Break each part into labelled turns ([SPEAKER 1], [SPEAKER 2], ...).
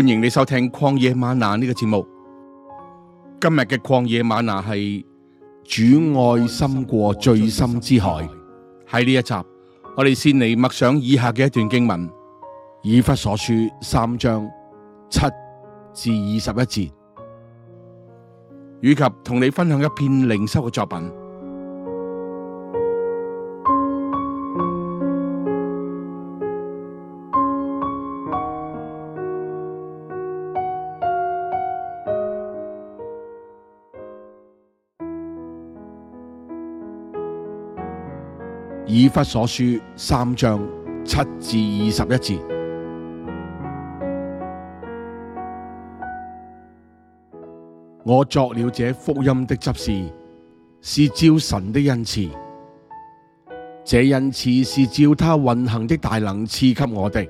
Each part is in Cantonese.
[SPEAKER 1] 歡迎你收聽曠野嗎哪呢、這個節目。今日嘅曠野嗎哪係主愛深過最深之海。喺呢一集，我哋先嚟默想以下嘅一段經文：以弗所書三章七至二十一節，以及同你分享一篇靈修嘅作品。以弗所書三章七至二十一節：「我作了這福音的執事，是照神的恩賜。這恩賜是照他運行的大能賜給我的。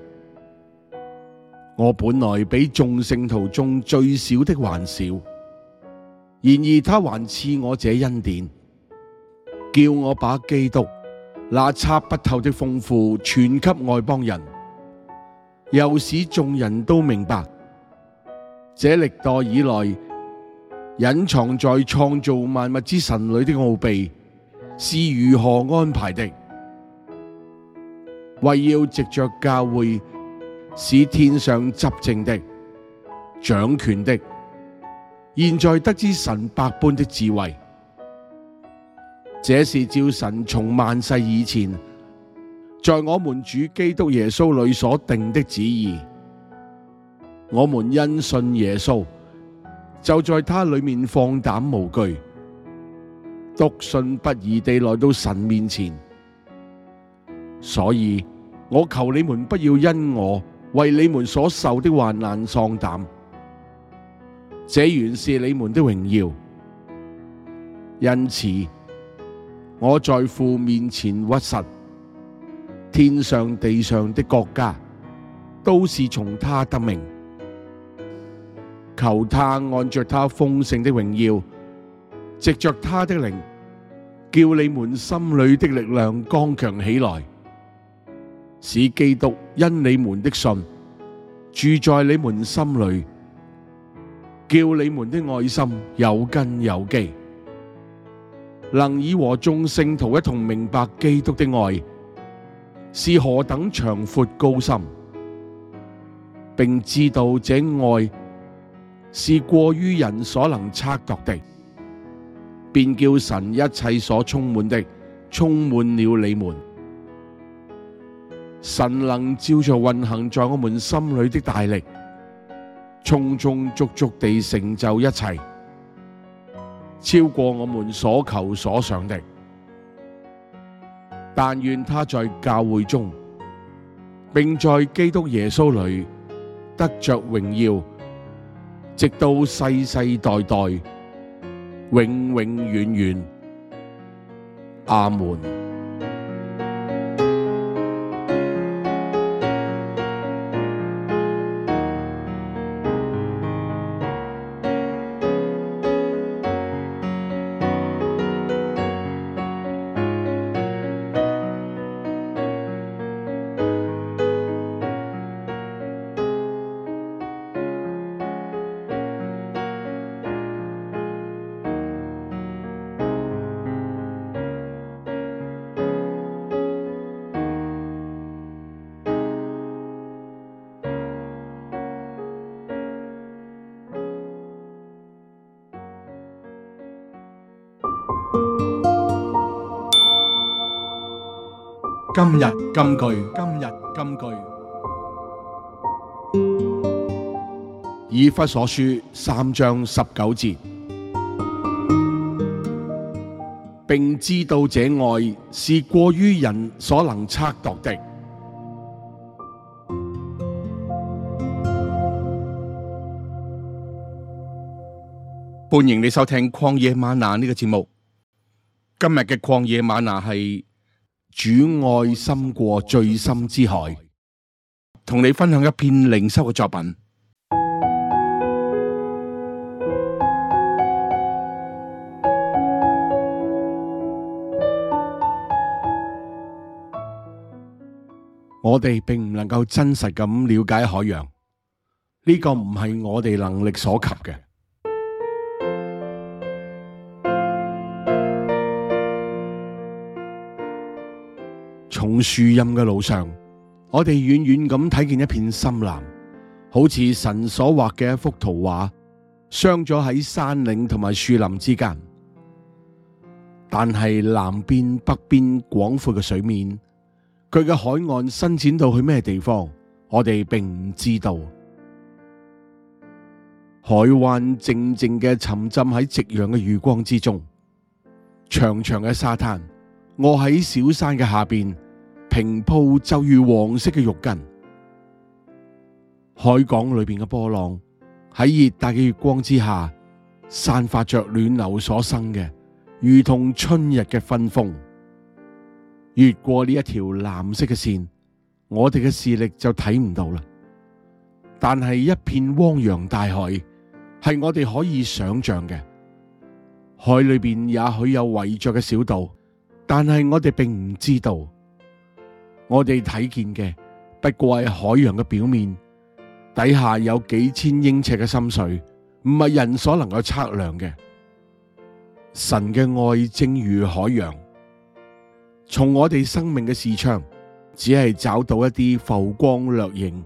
[SPEAKER 1] 我本來比眾聖徒中最小的還少，然而他還賜我這恩典，叫我把基督那測不透的豐富傳給外邦人，又使眾人都明白，這歷代以來隱藏在創造萬物之神裏的奧秘是如何安排的，為要藉着教會使天上執政的掌權的，現在得知神百般的智慧。這是照神從萬世以前，在我們主基督耶穌裏所定的旨意，我們因信耶穌，就在他裏面放膽無懼，篤信不疑地來到神面前。所以，我求你們不要因我為你們所受的患難喪膽，這原是你們的榮耀。因此。我在父面前屈實，天上地上的國家，都是從他得名。求他按着他豐盛的榮耀，藉着他的靈，叫你們心裏的力量剛強起來，使基督因你們的信，住在你們心裏，叫你們的愛心有根有基。能以和眾聖徒一同明白基督的愛是何等長闊高深，並知道這愛是過於人所能察覺的，便叫神一切所充滿的充滿了你們。神能照着運行在我們心裏的大力，充充足足地成就一切。超過我們所求所想的，但願他在教會中，並在基督耶穌裏得着榮耀，直到世世代代，永永遠遠。阿門。今日金句，今日金句，以弗所書三章十九節，並知道這愛是過於人所能測度的。歡迎你收聽曠野嗎哪呢個節目。今日嘅曠野嗎哪係。主愛深過最深之海，同你分享一篇靈修嘅作品。 我哋並唔能夠真實咁了解海洋，呢個唔係我哋能力所及嘅。紅樹蔭嘅路上，我哋遠遠咁睇見一片深藍，好似神所畫嘅一幅圖畫，鑲咗喺山嶺同埋樹林之間。但係南邊北邊廣闊嘅水面，佢嘅海岸伸展到去咩地方，我哋並唔知道。海灣靜靜嘅沉浸喺夕陽嘅餘光之中，長長嘅沙灘我喺小山嘅下邊，平鋪就如黃色嘅浴巾，海港裏邊嘅波浪喺熱帶嘅月光之下，散發着暖流所生嘅，如同春日嘅芬風。越過呢一條藍色嘅線，我哋嘅視力就睇唔到啦。但係一片汪洋大海，係我哋可以想象嘅，海裏邊也許有圍着嘅小道，但係我哋並唔知道。我哋睇見嘅不過係海洋嘅表面，底下有幾千英尺嘅深水，唔係人所能夠測量嘅。神嘅愛正如海洋，從我哋生命嘅視窗，只係找到一啲浮光掠影；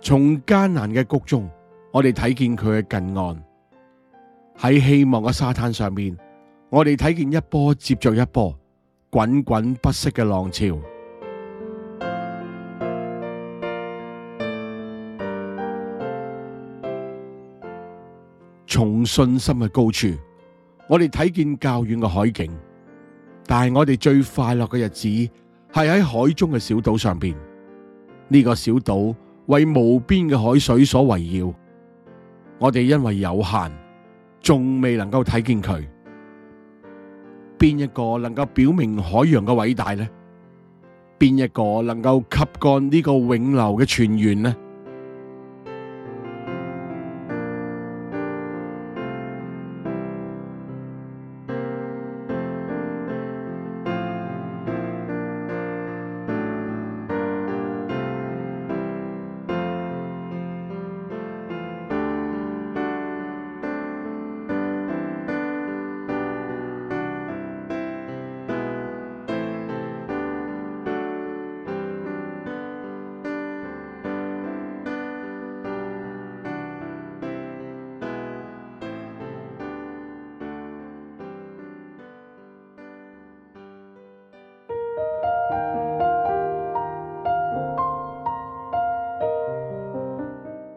[SPEAKER 1] 從艱難嘅谷中，我哋睇見佢嘅近岸；喺希望嘅沙灘上面，我哋睇見一波接着一波滾滾不息嘅浪潮。從信心嘅高處，我哋睇見較遠嘅海景，但係我哋最快樂嘅日子係喺海中嘅小島上邊。呢個小島為無邊嘅海水所圍繞，我哋因為有限，仲未能夠睇見佢。邊一個能夠表明海洋嘅偉大呢？邊一個能夠吸乾呢個永流嘅泉源呢？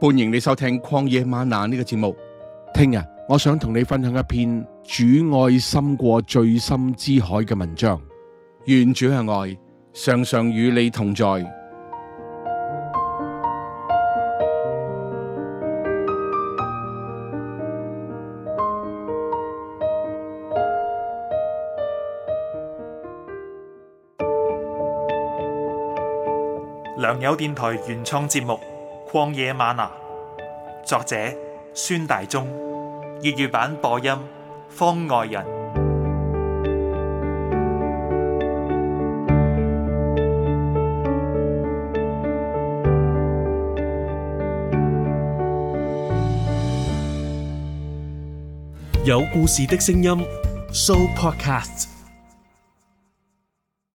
[SPEAKER 1] 歡迎你收聽曠野嗎哪呢個節目。聽日我想同你分享一篇主愛深過最深之海嘅文章。願主嘅愛常常與你同在。良友電台原創節目。曠野嗎哪，作者孫大中，粵語版播音方外人，有故事的聲音 Show Podcast。